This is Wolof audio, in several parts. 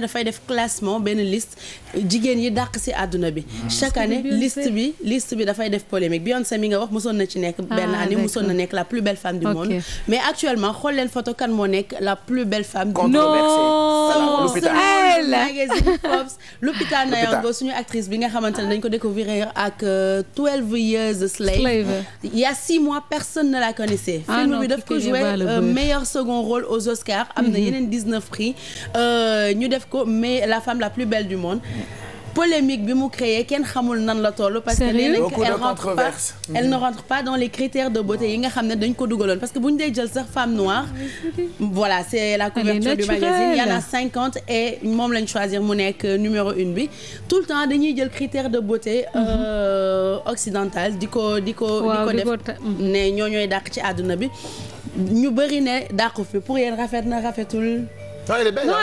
dafay def classement benn liste jigéen yi dàq ci àdduna bi mm. chaque année liste bi liste bi dafay def polémique Beyoncé mi nga wax mosoon na ci nekk ah, benn année mosoon na nekk la plus belle femme du monde mais actuellement xool leen photo kan moo nekk la plus belle femme du monde magazine Forbes Lupita Nyong'o suñu actrice bi nga xamante ne dañ ko découvrir ak 12 euh, years slave il y a six mois personne ne la connaissait ah film bi daf ko jouer euh, meilleur second rôle aux am na mhm. yeneen ko mais la femme la plus belle du monde polémique bi mu créé kenn xamul nan la toll parce que nee nañ elle ne rentre pas dans les critères de beauté yi nga xam ne dañ ko dugaloon parce que bu ñu dee jël sax femme voilà c'est la couverture du magazine il y en a cinquante moom lañ choisir mu nekk numéro une bi tout le temps dañuy jël critères de beauté mhm. euh, occidentale di ko di ko di ko def mhm. ne ñoo ñooy dàq ci àdduna bi ñu bëri ne dàqu fi pour yéen rafet na rafetul Non, elle est belle. Non, hein.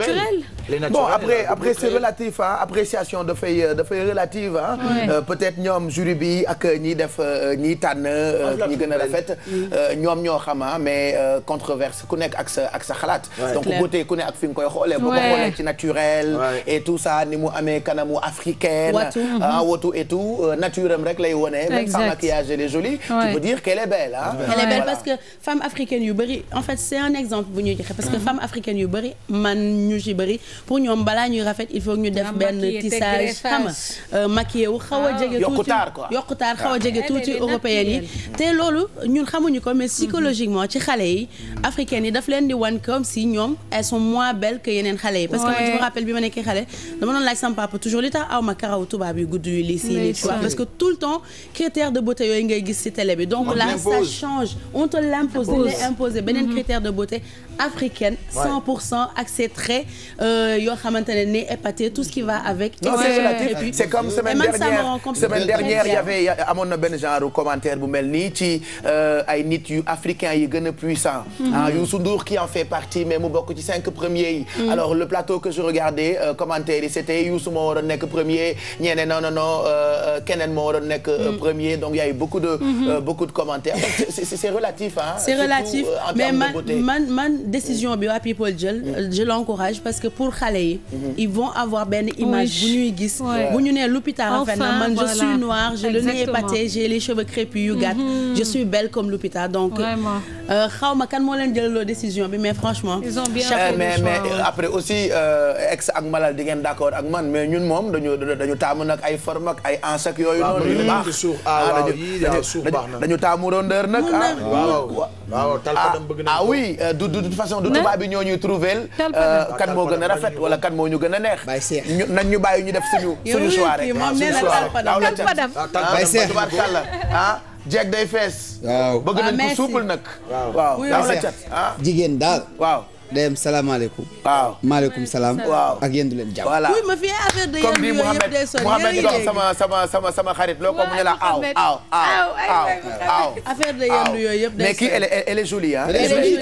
elle bon après euh, après c'est relatif ah appréciation dafay euh, dafay relative ah. peut-être ñoom jury bi ak ñi def ñi tànn. ñi gën a rafet. ñoom ñoo xam mais controverse ku nekk ak sa ak sa xalaat. donc beauté ku ne ak fi nga koy xoolee. bu ko xoolee ci naturel. et tout ça ni mu amee kanamu africaine. watu mm-hmm. et tout nature am rek lay wone. même sans maquillage elle est jolie. tu peux dire qu'elle est belle ah. elle est belle parce que femme africaine yu bëri en fait c'est un exemple bu ñuy joxe parce que mm-hmm. femme africaine yu bëri man ñu ci bëri. pour ñoom balaa ñuy rafet il faut ñu def benn tissage xam nga euh, maquillé wu xaw a ah. jege tuuti yokkutaar xaw a ah. jege eh, tuuti eh, eh, européenne yi te loolu ñun xamuñu ko mais psychologiquement ci xale yi africaine yi daf leen di wan comme si ñoom elles sont moins belles que yeneen xale yi parce que man je me rappelle bi ma nekkee xale dama doon laaj sama papa toujours li tax aw ma tubaab yu gudd yu lii sii nii parce que tout le temps critère de beauté yooyu ngay gis ci télé bi donc là ça change on te l'impose Euh, yoo xamante ne nez tout ce qui va avec. c'est comme semaine dernière semaine dernière y avait amoon na benn genre commentaire bu mel nii ci euh, ay nit yu africain yi gën a puissant. Mhm. Ah, Youssou Ndour qui en fait partie mais mu bokk ci cinq premiers yi. Mhm. alors le plateau que je regardais euh, commentaire yi c'était Youssou moo waroon nekk premier ñeneen non non non keneen moo waroon nekk mhm. premier donc y a eu beaucoup de. commentaires c'est relatif c'est relatif mais man man man décision bi waa people mm. l'encourage parce que pour. xale yi mhm. ils vont avoir benn image bu ñuy gis bu ñu nee Lupita rafet na man je suis noire j'ai le nez épaté j'ai les cheveux crépus yu gàtt mhm. je suis belle comme Lupita donc euh, xaw ma kan moo leen jëlaloo décision bi mais franchement ils ont bien fait eh, mais mais euh, après aussi euh, ex ak malal di ngeen d'accord ak man mais ñun moom dañu dañu taamu nag ay forme ak ay anse ak yooyu noonu yu baax dañu ah, ah, taamu rondeur nag ah waaw waaw hmm. talpadam bëgg na ah, ah oui euh, du de toute façon du tubaab bi ñoo ñuy trouver euh, kan ah, moo gën a rafet wala kan moo ñu gën a neex nañ ñu bàyyi ñu def suñu suñu soir rek talpadam bay seex a ah jeeg day fees bëgg nañ ko ah, suupal nag waaw jigéen daal day am salaamaaleykum. waaw maaleykum salaam. waaw ak yéen du leen jàmm. voilà ma fi affaire de yéen yooyu yëpp day sori comme ni Mouhamed Mouhamed sama sama sama xarit loo ko mu ne la aw aw aw aw affaire de yéen yooyu yëpp day sori mais kii elle elle est jolie ah. elle est jolie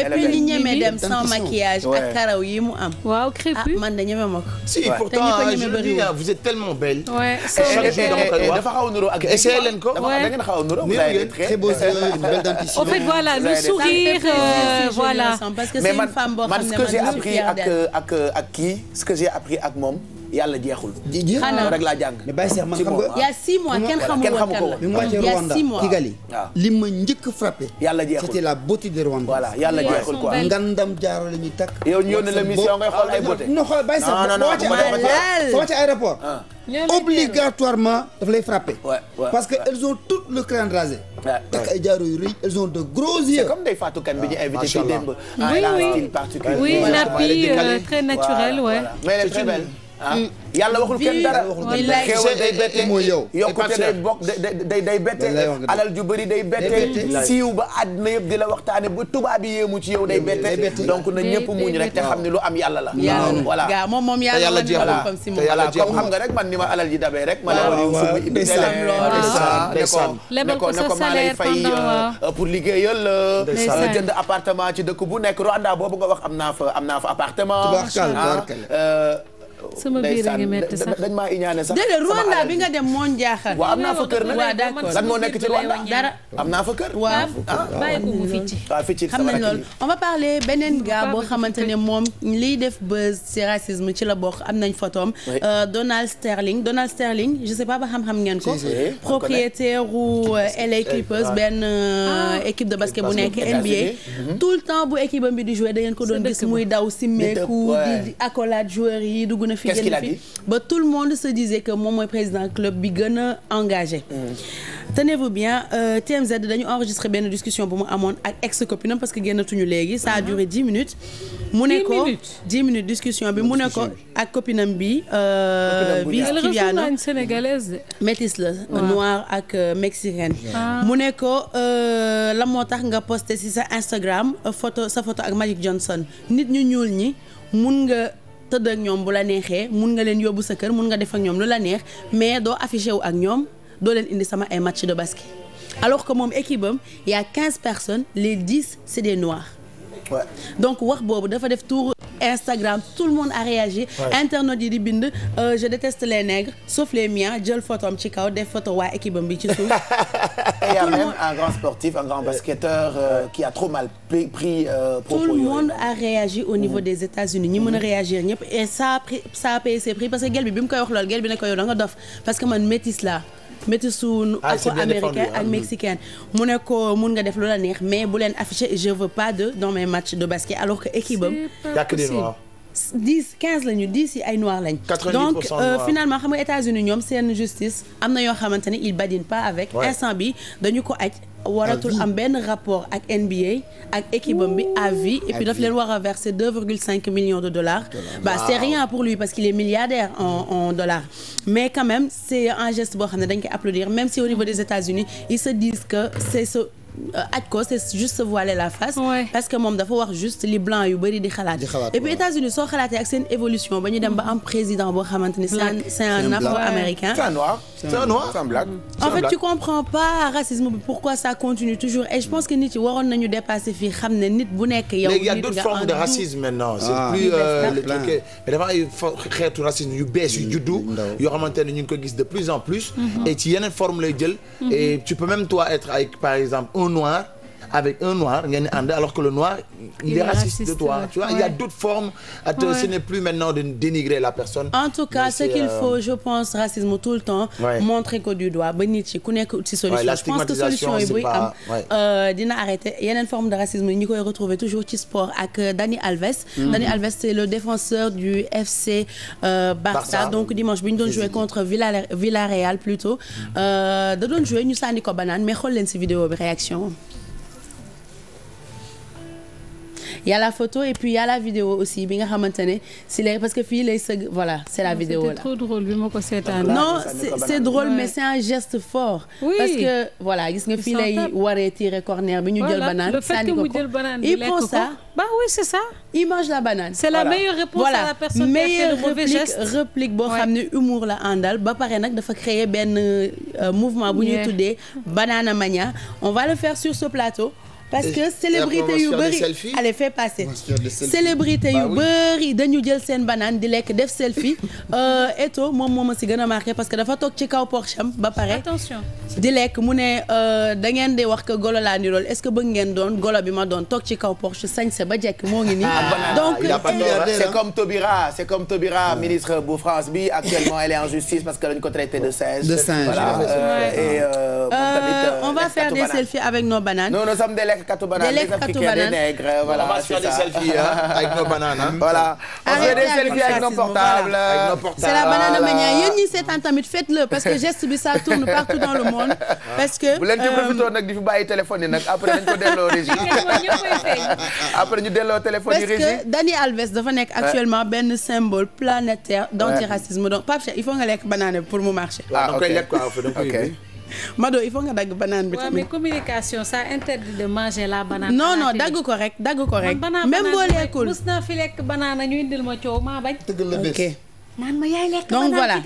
et puis ñu ñeme dem sans maquillage ak karaw yi mu am. waaw crépu ah man de ñeme ma ko. si pourtant je vous dis vous êtes tellement belle. waay dafa xaw a nuroo ak. essayé leen ko da ngeen xaw a nuroo. vous avez très beau, une belle dentition. en fait voilà le sourire euh, voilà. femme boo xam ne man ce que j'ai appris ak ak ak kii ce que j'ai appris ak moom yàlla jeexul. xanaa rek laa jàng. mais Baye Cheikh man xam nga. il y a 6 mois kenn xamu ko woon kenn xamu ko woon. il y a 6 mois Kigali. waaw li ma njëkk a frappé. yàlla jeexul c'était la beauté de Rwanda. voilà yàlla jeexul quoi ngandam jaaro la ñuy takk. yow ñëw na l'émission ngay xool ay beauté. non xool Baye Cheikh boo wàccee aéroport obligatoirement daf lay frapper. parce que elles ont toutes le crâne rasé. takk ay jaaro yu elles ont de gros yeux. c'est comme day Fatou Kane bi oui ah, oui oui la euh, très naturelle ouais. Ah. yàlla waxul kenn dara xéewal day bette mooy yow yokkute day bokk day day bette alal ju bëri day bette siiw ba àddina yëpp di la waxtaane ba tubaab yi yéemu ci yow day bette donc na ñëpp muñ rek te xam ne lu am yàlla la voilà gaa moom moom yàlla la jeexul voilà comme xam nga rek man ni ma alal ji dabee rek ma lebal yow suma ibbi télé ne ko ne ko maa lay fay euh, euh, pour liggéeyal la euh, jënd appartement ci dëkk bu nekk Rwanda boobu nga wax am naa fa am naa fa appartement ah, sama biir a ngi metti sax dañ maa iñaane sax Rwanda bi nga dem moo jaaxal waaw am naa fa kër nag waaw d'accord lan moo nekk ci Rwanda dara am naa fa kër waaw bàyyi ko mu ficci waaw ficci xam nañ loolu on va parler beneen gars boo xamante ne moom liy def buzz ci racisme ci la bokk am nañ photom euh, Donald Sterling Donald Sterling je sais pas ba xam-xam ngeen ko propriétaire u euh, LA Clippers benn euh, ah. équipe de basket nekk NBA mhm. tout le temps bu équipe bi di jouer da ko doon gis muy daw simmeeku di accolade joueurs yi dugg na fi. génn fi ba tout le monde se disait que moom mooy président club bi gën a engagé. Mm. tenez-vous bien euh, TMZ dañu enregistré benn discussion bu mu amoon ak ex copinam parce que ñu léegi sa a mm-hmm. duré dix minutes. mu ne ko dix minutes discussion bi mu ne ko ak copinam bi. Euh, vice Kyliano sénégalaise métis la noir ak euh, mexicaine. mu ne ko la moo tax nga posté si sa Instagram photo sa photo ak Magic Johnson nit ñu ñuul ñi mun nga. tëdd ak ñoom bu la neexee mun nga leen yóbbu sa kër mun nga def ak ñoom lu la neex mais doo affiché wu ak ñoom doo leen indi sama ay match de basket alors que moom équipe am a 15 personnes les 10 c'est des noirs. Ouais. donc wax boobu dafa def tour Instagram tout le monde a réagi. Ouais. internautes yi di bind euh, je déteste les nègres sauf miens jël photo ci kaw def photo waa équipe bi ci suuf. y a même un grand sportif un grand euh, basketteur euh, qui a trop mal pris euh, propos tout le monde a réagi au niveau mmh. des États-Unis ñi mën a réagir ñëpp et ça a pris, ça a payé ses prix parce que gel bi bi mu koy wax loolu gel bi ne ko yow da nga dof parce que man métis laa métis su ah, afro-américain ak mexicaine mu ne ko mun nga def lu la neex mais bu leen affiché je veux pas de dans mes matchs de basket alors que équipe am dix quinze lañu dix yi ay noir lañ. donc euh, finalement xam unis ñoom seen justice am na yoo xamante pas avec. instant bi dañu ko aj waratul am rapport ak NBA ak équipe am bi à vie et millions de dollars c'est rien pour lui parce qu'il est milliardaire mm. en dollars mais quand même c'est un geste boo xam ne applaudir même si au niveau des États-Unis ils se disent que c'est ce Euh, aj ko c'est juste se voiler la face parce que moom dafa wax juste li blanc yu bëri di xalaat et puis états évolution ba ñu dem ba président boo xamante ni c'est un afro-américain tu comprends pas racisme pourquoi continue toujours et je pense que nit yi waroon nañu de racisme ah. euh, mais dafa ay xeetu racisme yu bees yu mm. juddu yoo xamante ne ñu ngi ko gis de plus en plus mm-hmm. et ci yeneen forme lay jël mm-hmm. et tu peux même toi être avec par exemple un noir avec un noir ngeen di ànd alors que le noir il est raciste de toi tu vois il y a d'autres formes euh, at ce n'est plus maintenant de dénigrer la personne en tout cas ce qu'il euh, faut je pense racisme tout le temps montrer ko du doigt ba nit ci ku nekk ci solution je pense que solution yi buy am euh, dina arrêter yeneen forme de racisme yi ñu koy retrouver toujours ci sport ak Dani Alves mhm. Dani Alves c'est le défenseur du FC Barça donc dimanche bi ñu doon jouer contre Villarreal plutôt da doon jouer ñu sànni ko banaan mais xool leen ci vidéo bi réaction y a la photo et puis y a la vidéo aussi bi nga xamante ne si parce que fii lay sëgg voilà c'est la non, vidéo là. ko seetaan. non c'est drôle mais c'est un geste fort. parce que voilà gis nga fii lay waree tirer corner bi ñu jël banane. sànni ko il prend ça. bah oui il mange la banane. c'est la meilleure réponse à la personne qui a fait le mauvais geste voilà meilleure réplique boo xam ne humour la àndal ba pare nag dafa créer benn euh, mouvement bu ñuy tuddee banana mania on va le faire sur ce plateau. parce que célébrité yu bëri allez fais passer célébrité dañu jël seen banaan di lekk def selfie euh, Eto moom moo a si gën a marqué parce que dafa toog ci kaw Porsche ba pare attention di lekk mu ne euh, da ngeen di wax que golo laa ni lool est ce que bëgg ngeen doon golo bi ma doon toog ci kaw Porsche sañse ba jekk moo ngi nii. Ah, ah, ah, donc c' est comme Taubira c' comme Taubira ministre bu France bi actuellement elle est en justice parce que lañu ko traité de singe. de singe voilà euh, et euh, moom tamit. on va faire des selfies avec nos bananes. non nous sommes des lekk katu bananes. des lekk katu bananes des africains des nègres voilà avec nos bananes voilà. arrêtez avec racisme voilà c'est la banane mania yéen ñi parce que geste bi ça tourne partout dans le monde. Ah. parce que bu leen ci euh, profité nag di téléphone yi nag après dañu delloo régie. ñu delloo téléphone yi régie. parce que Dani Alves nekk actuellement benn symbole planétaire d'antiracisme donc Pape Cheikh il faut nga lekk pour mu marcher. Ah, ah, Mado il faut nga dagg banaan bi tamit. mais communication ça interdit de manger la banane. non dagg ko rek dagg ko rek. même boo lekkul man naa fi lekk banaan ñu indil ma coow maa bañ. dëgg la naan ma yaay lekk donc voilà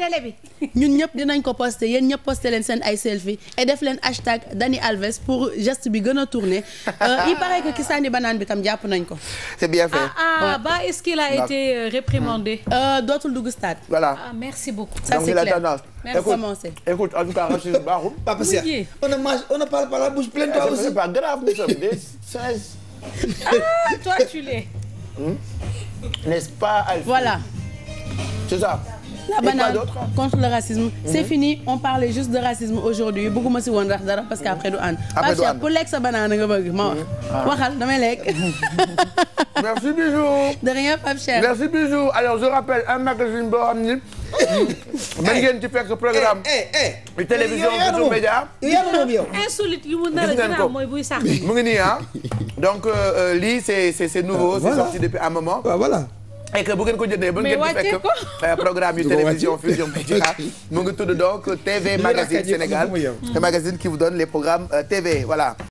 ñun ñëpp dinañ ko posté yéen ñëpp posté leen seen ay selfie et def leen hashtag Dani Alves pour geste bi gën a tourné euh, il paraît que ki sànni banaan bi tam jàpp nañ ko. c'est bien fait ah ah bah est-ce qu'il a été euh, réprimandé. Euh, dootul dugg stade. voilà ah merci beaucoup. ça c'est clair merci commencé. écoute en tout cas racisme baaxul. papa Cheikh on ne mange on ne parle pas la bouche pleine toi ah, aussi. c'est pas grave nous sommes des singes. ah toi tu hmm? voilà. c'est ça. la banane contre le racisme. c'est mhm. fini on parlait juste de racisme aujourd'hui bëgguma si woon rax dara parce que après du ànd. après du ànd ku lekk sa banane nga bëgg ma mhm. ah. wax. waxal damay lekk. merci Bijou. de rien Pape Cheikh. merci Bijou alors je rappelle un magazine boo xam ni. mën ngeen ci fekk programme. Eh, eh, eh. bi télévision Futurs Médias. yow insolite yi mu nar a gën a mooy buy sax. mu ngi nii ah donc euh, euh, lii c'est c'est nouveau ah, c'est sorti depuis un moment. Ah, voilà. et eh, que bu ngeen ko jëndee ba ngeen di fekk eh, programme yu télévision Futur Média mu ngi tudd donc TV Magazine Sénégal le magazine qui vous donne les programmes euh, TV voilà